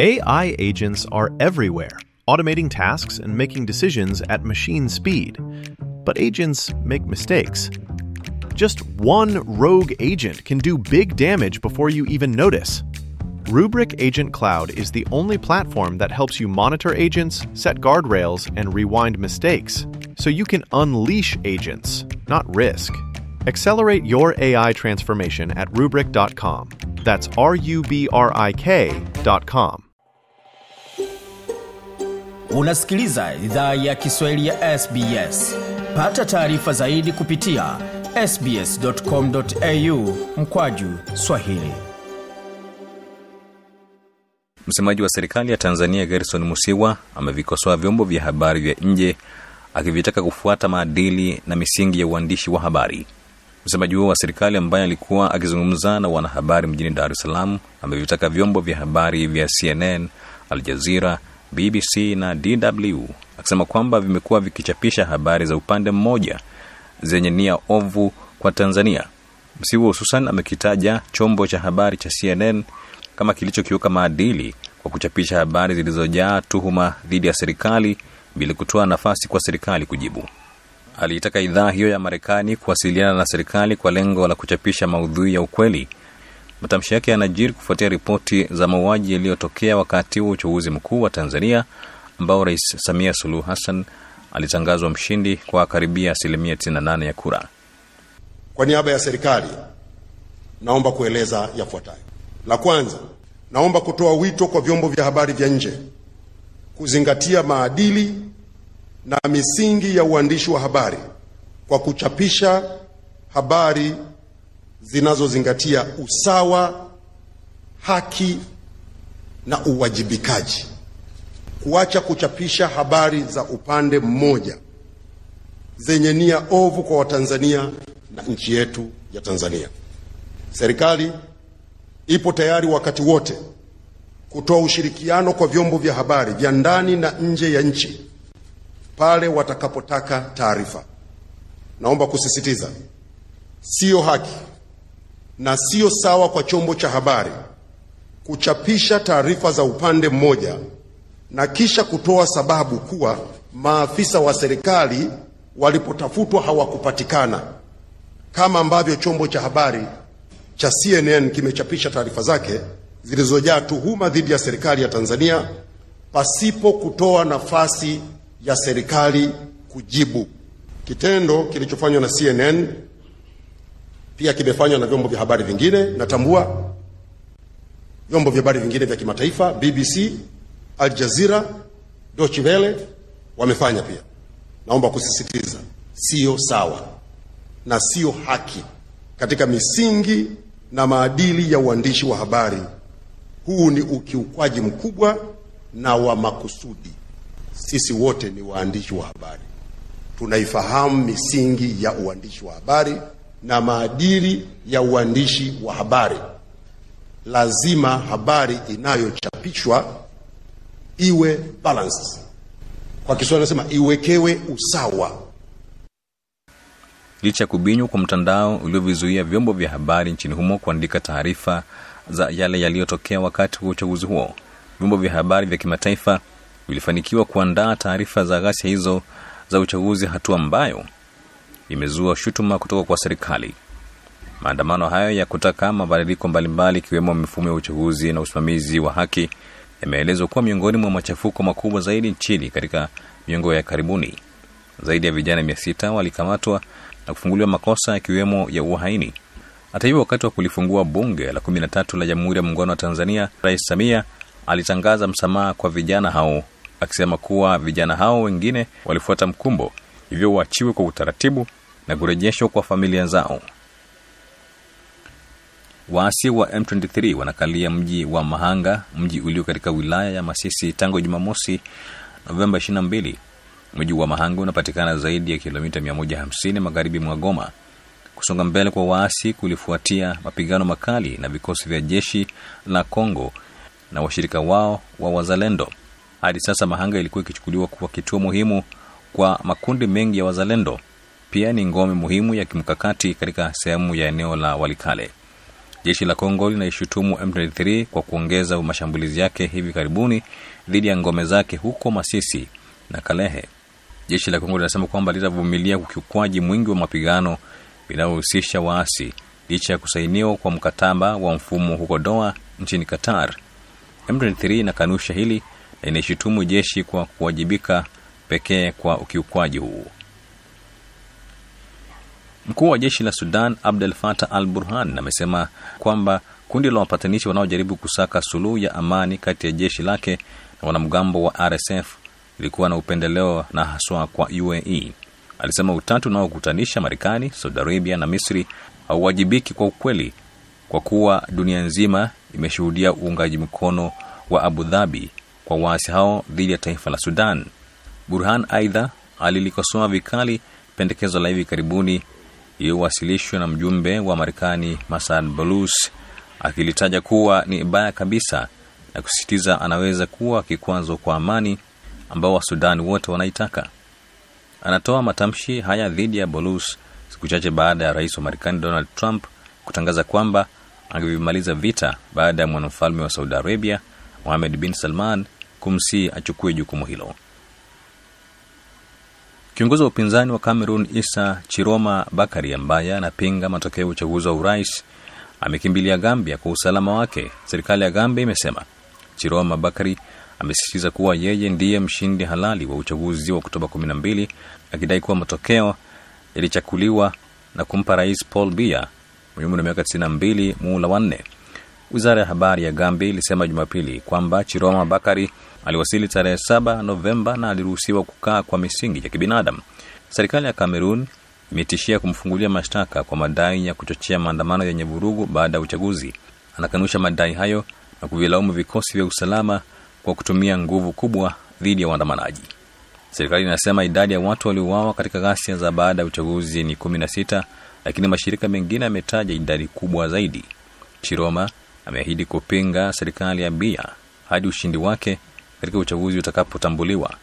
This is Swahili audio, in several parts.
AI agents are everywhere, automating tasks and making decisions at machine speed. But agents make mistakes. Just one rogue agent can do big damage before you even notice. Rubrik Agent Cloud is the only platform that helps you monitor agents, set guardrails, and rewind mistakes, so you can unleash agents, not risk. Accelerate your AI transformation at rubrik.com. That's R U B R I K.com. unasikiliza idhaa ya kiswahili ya sbs pata taarifa zaidi kupitia sbscomau mkwaju swahili msemaji wa serikali ya tanzania garison musiwa amevikosoa vyombo vya habari vya nje akivitaka kufuata maadili na misingi ya uandishi wa habari msemaji huo wa serikali ambaye alikuwa akizungumza na wanahabari mjini dar es salaam amevitaka vyombo vya habari vya cnn al jazira BBC na DW akisema kwamba vimekuwa vikichapisha habari za upande mmoja zenye nia ovu kwa Tanzania. Msiwo hususan amekitaja chombo cha habari cha CNN kama kilichokiuka maadili kwa kuchapisha habari zilizojaa tuhuma dhidi ya serikali bila kutoa nafasi kwa serikali kujibu. Aliitaka idhaa hiyo ya Marekani kuwasiliana na serikali kwa lengo la kuchapisha maudhui ya ukweli Matamshi yake yanajiri kufuatia ripoti za mauaji yaliyotokea wakati wa uchaguzi mkuu wa Tanzania ambao Rais Samia Suluhu Hassan alitangazwa mshindi kwa karibia asilimia 98 ya kura. Kwa niaba ya serikali naomba kueleza yafuatayo. La kwanza, naomba kutoa wito kwa vyombo vya habari vya nje kuzingatia maadili na misingi ya uandishi wa habari kwa kuchapisha habari zinazozingatia usawa, haki na uwajibikaji, kuacha kuchapisha habari za upande mmoja zenye nia ovu kwa Watanzania na nchi yetu ya Tanzania. Serikali ipo tayari wakati wote kutoa ushirikiano kwa vyombo vya habari vya ndani na nje ya nchi pale watakapotaka taarifa. Naomba kusisitiza, siyo haki na siyo sawa kwa chombo cha habari kuchapisha taarifa za upande mmoja na kisha kutoa sababu kuwa maafisa wa serikali walipotafutwa hawakupatikana, kama ambavyo chombo cha habari cha CNN kimechapisha taarifa zake zilizojaa tuhuma dhidi ya serikali ya Tanzania pasipo kutoa nafasi ya serikali kujibu. Kitendo kilichofanywa na CNN pia kimefanywa na vyombo vya habari vingine. Natambua vyombo vya habari vingine vya kimataifa, BBC, Al Jazeera, Deutsche Welle wamefanya pia. Naomba kusisitiza, sio sawa na sio haki katika misingi na maadili ya uandishi wa habari. Huu ni ukiukwaji mkubwa na wa makusudi. Sisi wote ni waandishi wa habari, tunaifahamu misingi ya uandishi wa habari na maadili ya uandishi wa habari. Lazima habari inayochapishwa iwe balanced, kwa Kiswahili nasema iwekewe usawa. Licha ya kubinywa kwa mtandao uliovizuia vyombo vya habari nchini humo kuandika taarifa za yale yaliyotokea wakati wa uchaguzi huo, vyombo vya habari vya kimataifa vilifanikiwa kuandaa taarifa za ghasia hizo za uchaguzi, hatua ambayo imezua shutuma kutoka kwa serikali. Maandamano hayo ya kutaka mabadiliko mbalimbali ikiwemo mifumo ya uchaguzi na usimamizi wa haki yameelezwa kuwa miongoni mwa machafuko makubwa zaidi nchini katika miongo ya karibuni. Zaidi ya vijana mia sita walikamatwa na kufunguliwa makosa yakiwemo ya uhaini. Hata hivyo, wakati wa kulifungua bunge la kumi na tatu la Jamhuri ya Muungano wa Tanzania, Rais Samia alitangaza msamaha kwa vijana hao, akisema kuwa vijana hao wengine walifuata mkumbo, hivyo waachiwe kwa utaratibu na kurejeshwa kwa familia zao. Waasi wa M23 wanakalia mji wa Mahanga, mji ulio katika wilaya ya Masisi tangu Jumamosi Novemba 22. Mji wa Mahanga unapatikana zaidi ya kilomita 150 magharibi mwa Goma. Kusonga mbele kwa waasi kulifuatia mapigano makali na vikosi vya jeshi la Kongo na washirika wao wa Wazalendo. Hadi sasa Mahanga ilikuwa ikichukuliwa kuwa kituo muhimu kwa makundi mengi ya Wazalendo pia ni ngome muhimu ya kimkakati katika sehemu ya eneo la Walikale. Jeshi la Kongo linaishutumu M23 kwa kuongeza mashambulizi yake hivi karibuni dhidi ya ngome zake huko Masisi na Kalehe. Jeshi la Kongo linasema kwamba litavumilia ukiukwaji mwingi wa mapigano vinavyohusisha waasi licha ya kusainiwa kwa mkataba wa mfumo huko Doha nchini Qatar. M23 inakanusha hili na inaishutumu jeshi kwa kuwajibika pekee kwa ukiukwaji huu. Mkuu wa jeshi la Sudan Abdel Fattah al Burhan amesema kwamba kundi la wapatanishi wanaojaribu kusaka suluhu ya amani kati ya jeshi lake na wanamgambo wa RSF ilikuwa na upendeleo na haswa kwa UAE. Alisema utatu unaokutanisha Marekani, Saudi Arabia na Misri hauwajibiki kwa ukweli, kwa kuwa dunia nzima imeshuhudia uungaji mkono wa Abu Dhabi kwa waasi hao dhidi ya taifa la Sudan. Burhan aidha alilikosoa vikali pendekezo la hivi karibuni iliyowasilishwa na mjumbe wa Marekani Masad Boulos akilitaja kuwa ni baya kabisa na kusisitiza anaweza kuwa kikwazo kwa amani ambao Wasudani wote wanaitaka. Anatoa matamshi haya dhidi ya Boulos siku chache baada ya rais wa Marekani Donald Trump kutangaza kwamba angevimaliza vita baada ya mwanamfalme wa Saudi Arabia Mohamed bin Salman kumsii achukue jukumu hilo. Kiongozi wa upinzani wa Cameroon Isa Chiroma Bakari, ambaye anapinga matokeo ya uchaguzi wa urais, amekimbilia Gambia kwa usalama wake, serikali ya Gambia imesema. Chiroma Bakari amesisitiza kuwa yeye ndiye mshindi halali wa uchaguzi wa Oktoba 12 akidai kuwa matokeo yalichakuliwa na kumpa Rais Paul Biya mwenye umri wa miaka 92 muhula wanne. Wizara ya habari ya Gambia ilisema Jumapili kwamba Chiroma Bakari Aliwasili tarehe 7 Novemba na aliruhusiwa kukaa kwa misingi ya kibinadamu. Serikali ya Kamerun imetishia kumfungulia mashtaka kwa madai ya kuchochea maandamano yenye vurugu baada ya uchaguzi. Anakanusha madai hayo na kuvilaumu vikosi vya usalama kwa kutumia nguvu kubwa dhidi ya waandamanaji. Serikali inasema idadi ya watu waliouawa katika ghasia za baada ya uchaguzi ni kumi na sita lakini mashirika mengine yametaja idadi kubwa zaidi. Chiroma ameahidi kupinga serikali ya Bia hadi ushindi wake katika uchaguzi utakapotambuliwa.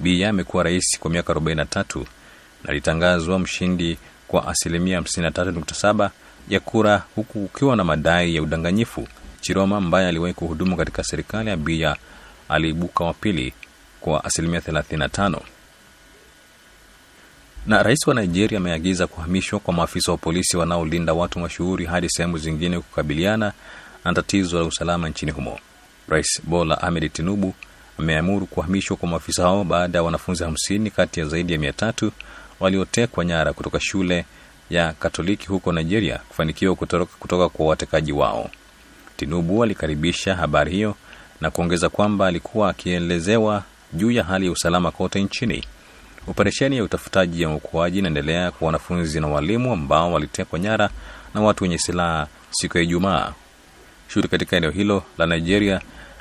Biya amekuwa rais kwa miaka 43 na alitangazwa mshindi kwa asilimia 53.7 ya kura huku kukiwa na madai ya udanganyifu. Chiroma ambaye aliwahi kuhudumu katika serikali ya Biya aliibuka wa pili kwa asilimia 35. Na rais wa Nigeria ameagiza kuhamishwa kwa maafisa wa polisi wanaolinda watu mashuhuri hadi sehemu zingine kukabiliana na tatizo la usalama nchini humo. Rais Bola Ahmed Tinubu ameamuru kuhamishwa kwa maafisa hao baada ya wanafunzi hamsini kati ya zaidi ya mia tatu waliotekwa nyara kutoka shule ya Katoliki huko Nigeria kufanikiwa kutoroka kutoka kwa watekaji wao. Tinubu alikaribisha habari hiyo na kuongeza kwamba alikuwa akielezewa juu ya hali ya usalama kote nchini. Operesheni ya utafutaji ya uokoaji inaendelea kwa wanafunzi na walimu ambao walitekwa nyara na watu wenye silaha siku ya Ijumaa shughuli katika eneo hilo la Nigeria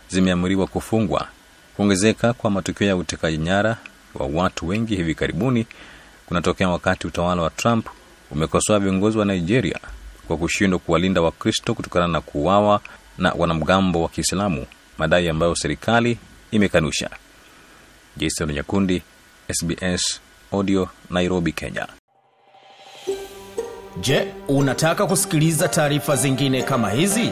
zimeamriwa kufungwa. Kuongezeka kwa matukio ya utekaji nyara wa watu wengi hivi karibuni kunatokea wakati utawala wa Trump umekosoa viongozi wa Nigeria kwa kushindwa kuwalinda Wakristo kutokana na kuuawa na wanamgambo wa Kiislamu, madai ambayo serikali imekanusha. Jason Nyakundi, SBS Audio, Nairobi, Kenya. Je, unataka kusikiliza taarifa zingine kama hizi?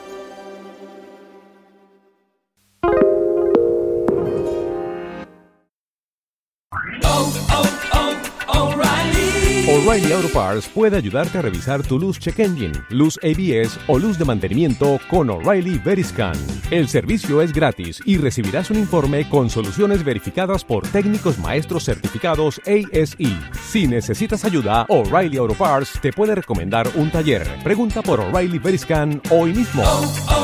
O'Reilly Auto Parts puede ayudarte a revisar tu luz check engine, luz ABS o luz de mantenimiento con O'Reilly Veriscan. El servicio es gratis y recibirás un informe con soluciones verificadas por técnicos maestros certificados ASE. Si necesitas ayuda, O'Reilly Auto Parts te puede recomendar un taller. Pregunta por O'Reilly Veriscan hoy mismo. Oh, oh,